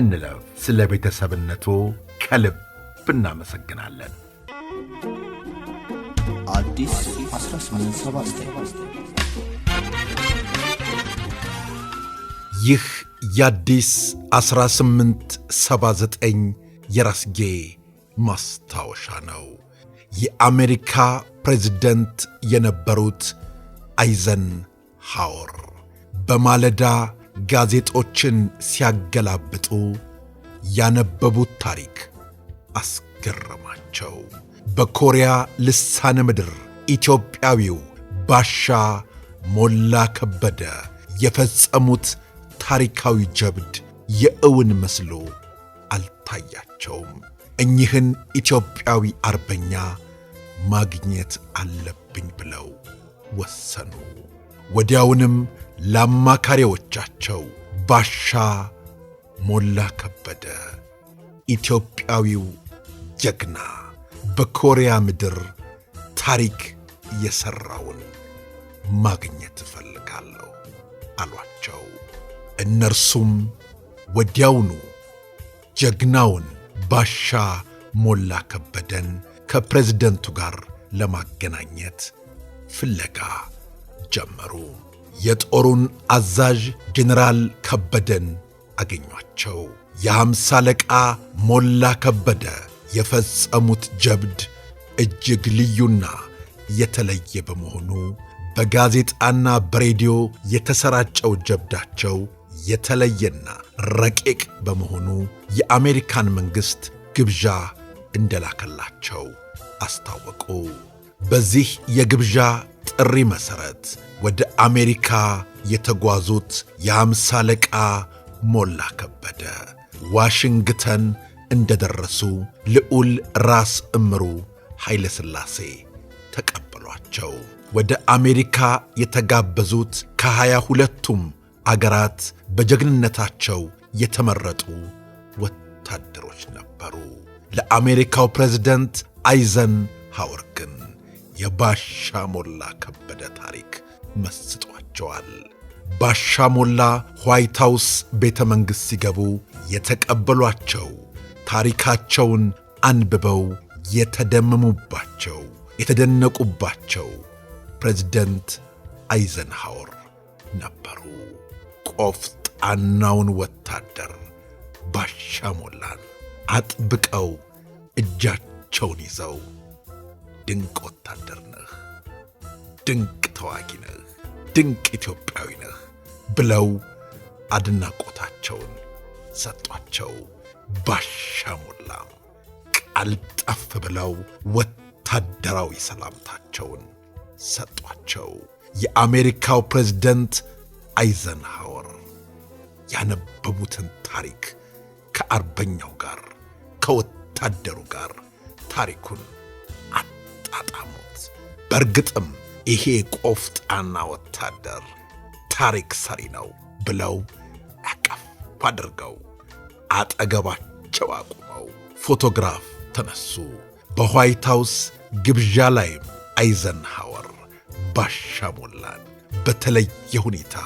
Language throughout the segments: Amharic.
እንለፍ። ስለ ቤተሰብነቱ ከልብ እናመሰግናለን። ይህ የአዲስ 1879 የራስጌ ማስታወሻ ነው። የአሜሪካ ፕሬዝደንት የነበሩት አይዘን ሃወር በማለዳ ጋዜጦችን ሲያገላብጡ ያነበቡት ታሪክ አስገረማቸው። በኮሪያ ልሳነ ምድር ኢትዮጵያዊው ባሻ ሞላ ከበደ የፈጸሙት ታሪካዊ ጀብድ የእውን መስሎ አልታያቸውም። እኚህን ኢትዮጵያዊ አርበኛ ማግኘት አለብኝ ብለው ወሰኑ። ወዲያውንም ለአማካሪዎቻቸው ባሻ ሞላ ከበደ ኢትዮጵያዊው ጀግና በኮሪያ ምድር ታሪክ የሠራውን ማግኘት እፈልጋለሁ አሏቸው። እነርሱም ወዲያውኑ ጀግናውን ባሻ ሞላ ከበደን ከፕሬዝደንቱ ጋር ለማገናኘት ፍለጋ ጀመሩ። የጦሩን አዛዥ ጄኔራል ከበደን አገኟቸው። የሐምሳ አለቃ ሞላ ከበደ የፈጸሙት ጀብድ እጅግ ልዩና የተለየ በመሆኑ በጋዜጣና በሬዲዮ የተሰራጨው ጀብዳቸው የተለየና ረቂቅ በመሆኑ የአሜሪካን መንግሥት ግብዣ እንደላከላቸው አስታወቁ። በዚህ የግብዣ ጥሪ መሠረት ወደ አሜሪካ የተጓዙት የአምሳ አለቃ ሞላ ከበደ ዋሽንግተን እንደ ደረሱ ልዑል ራስ እምሩ ኃይለ ሥላሴ ተቀብሏቸው ወደ አሜሪካ የተጋበዙት ከሀያ ሁለቱም አገራት በጀግንነታቸው የተመረጡ ወታደሮች ነበሩ። ለአሜሪካው ፕሬዝደንት አይዘን ሐወር ግን የባሻ ሞላ ከበደ ታሪክ መስጧቸዋል። ባሻ ሞላ ዋይት ሃውስ ቤተ መንግሥት ሲገቡ የተቀበሏቸው፣ ታሪካቸውን አንብበው የተደመሙባቸው፣ የተደነቁባቸው ፕሬዝደንት አይዘንሃወር ነበሩ። ቆፍጣናውን ወታደር ባሻ ሞላን አጥብቀው እጃቸውን ይዘው ድንቅ ወታደር ነህ፣ ድንቅ ተዋጊ ነህ፣ ድንቅ ኢትዮጵያዊ ነህ ብለው አድናቆታቸውን ሰጧቸው። ቃል ቀልጠፍ ብለው ወታደራዊ ሰላምታቸውን ሰጧቸው። የአሜሪካው ፕሬዝደንት አይዘንሃወር ያነበቡትን ታሪክ ከአርበኛው ጋር ከወታደሩ ጋር ታሪኩን አጣሞት በእርግጥም ይሄ ቆፍጣና ወታደር ታሪክ ሰሪ ነው ብለው አቀፍ አድርገው አጠገባቸው አቁመው ፎቶግራፍ ተነሱ። በዋይት ሃውስ ግብዣ ላይም አይዘንሃወር ባሻሞላን በተለየ ሁኔታ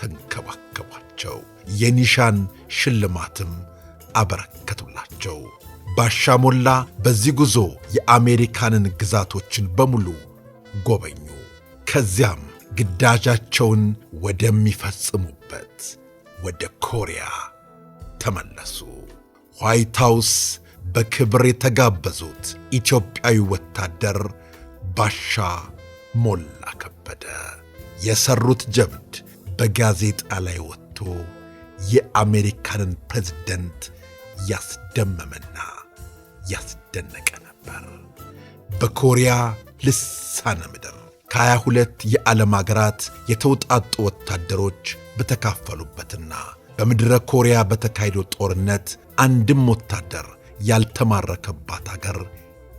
ተንከባከቧቸው። የኒሻን ሽልማትም አበረከቱላቸው። ባሻ ሞላ በዚህ ጉዞ የአሜሪካንን ግዛቶችን በሙሉ ጎበኙ። ከዚያም ግዳጃቸውን ወደሚፈጽሙበት ወደ ኮሪያ ተመለሱ። ዋይት ሃውስ በክብር የተጋበዙት ኢትዮጵያዊ ወታደር ባሻ ሞላ ከበደ የሰሩት ጀብድ በጋዜጣ ላይ ወጥቶ የአሜሪካንን ፕሬዝደንት ያስደመመና ያስደነቀ ነበር። በኮሪያ ልሳነ ምድር ከሀያ ሁለት የዓለም አገራት የተውጣጡ ወታደሮች በተካፈሉበትና በምድረ ኮሪያ በተካሄደው ጦርነት አንድም ወታደር ያልተማረከባት አገር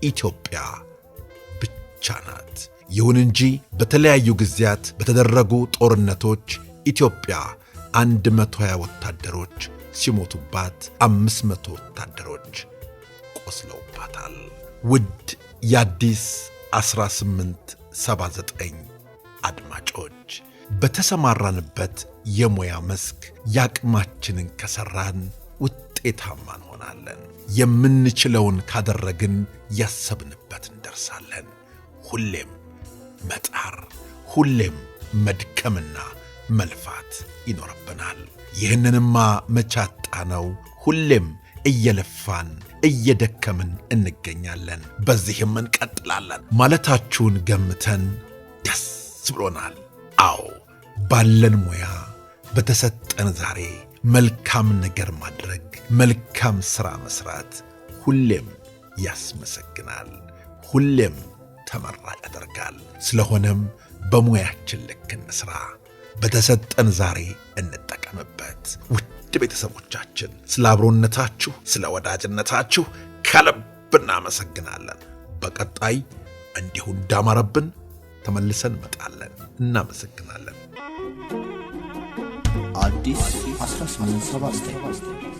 ኢትዮጵያ ብቻ ናት። ይሁን እንጂ በተለያዩ ጊዜያት በተደረጉ ጦርነቶች ኢትዮጵያ 120 ወታደሮች ሲሞቱባት 500 ወታደሮች ወስነውባታል። ውድ የአዲስ 1879 አድማጮች በተሰማራንበት የሙያ መስክ የአቅማችንን ከሠራን ውጤታማ እንሆናለን። የምንችለውን ካደረግን ያሰብንበት እንደርሳለን። ሁሌም መጣር፣ ሁሌም መድከምና መልፋት ይኖርብናል። ይህንንማ መቻጣ ነው። ሁሌም እየለፋን እየደከምን እንገኛለን። በዚህም እንቀጥላለን ማለታችሁን ገምተን ደስ ብሎናል። አዎ ባለን ሙያ በተሰጠን ዛሬ መልካም ነገር ማድረግ፣ መልካም ሥራ መሥራት ሁሌም ያስመሰግናል፣ ሁሌም ተመራጭ ያደርጋል። ስለሆነም በሙያችን ልክ እንሥራ፣ በተሰጠን ዛሬ እንጠቀምበት። ውድ ቤተሰቦቻችን ስለ አብሮነታችሁ፣ ስለ ወዳጅነታችሁ ከልብ እናመሰግናለን። በቀጣይ እንዲሁ እንዳማረብን ተመልሰን እንመጣለን። እናመሰግናለን። አዲስ 1879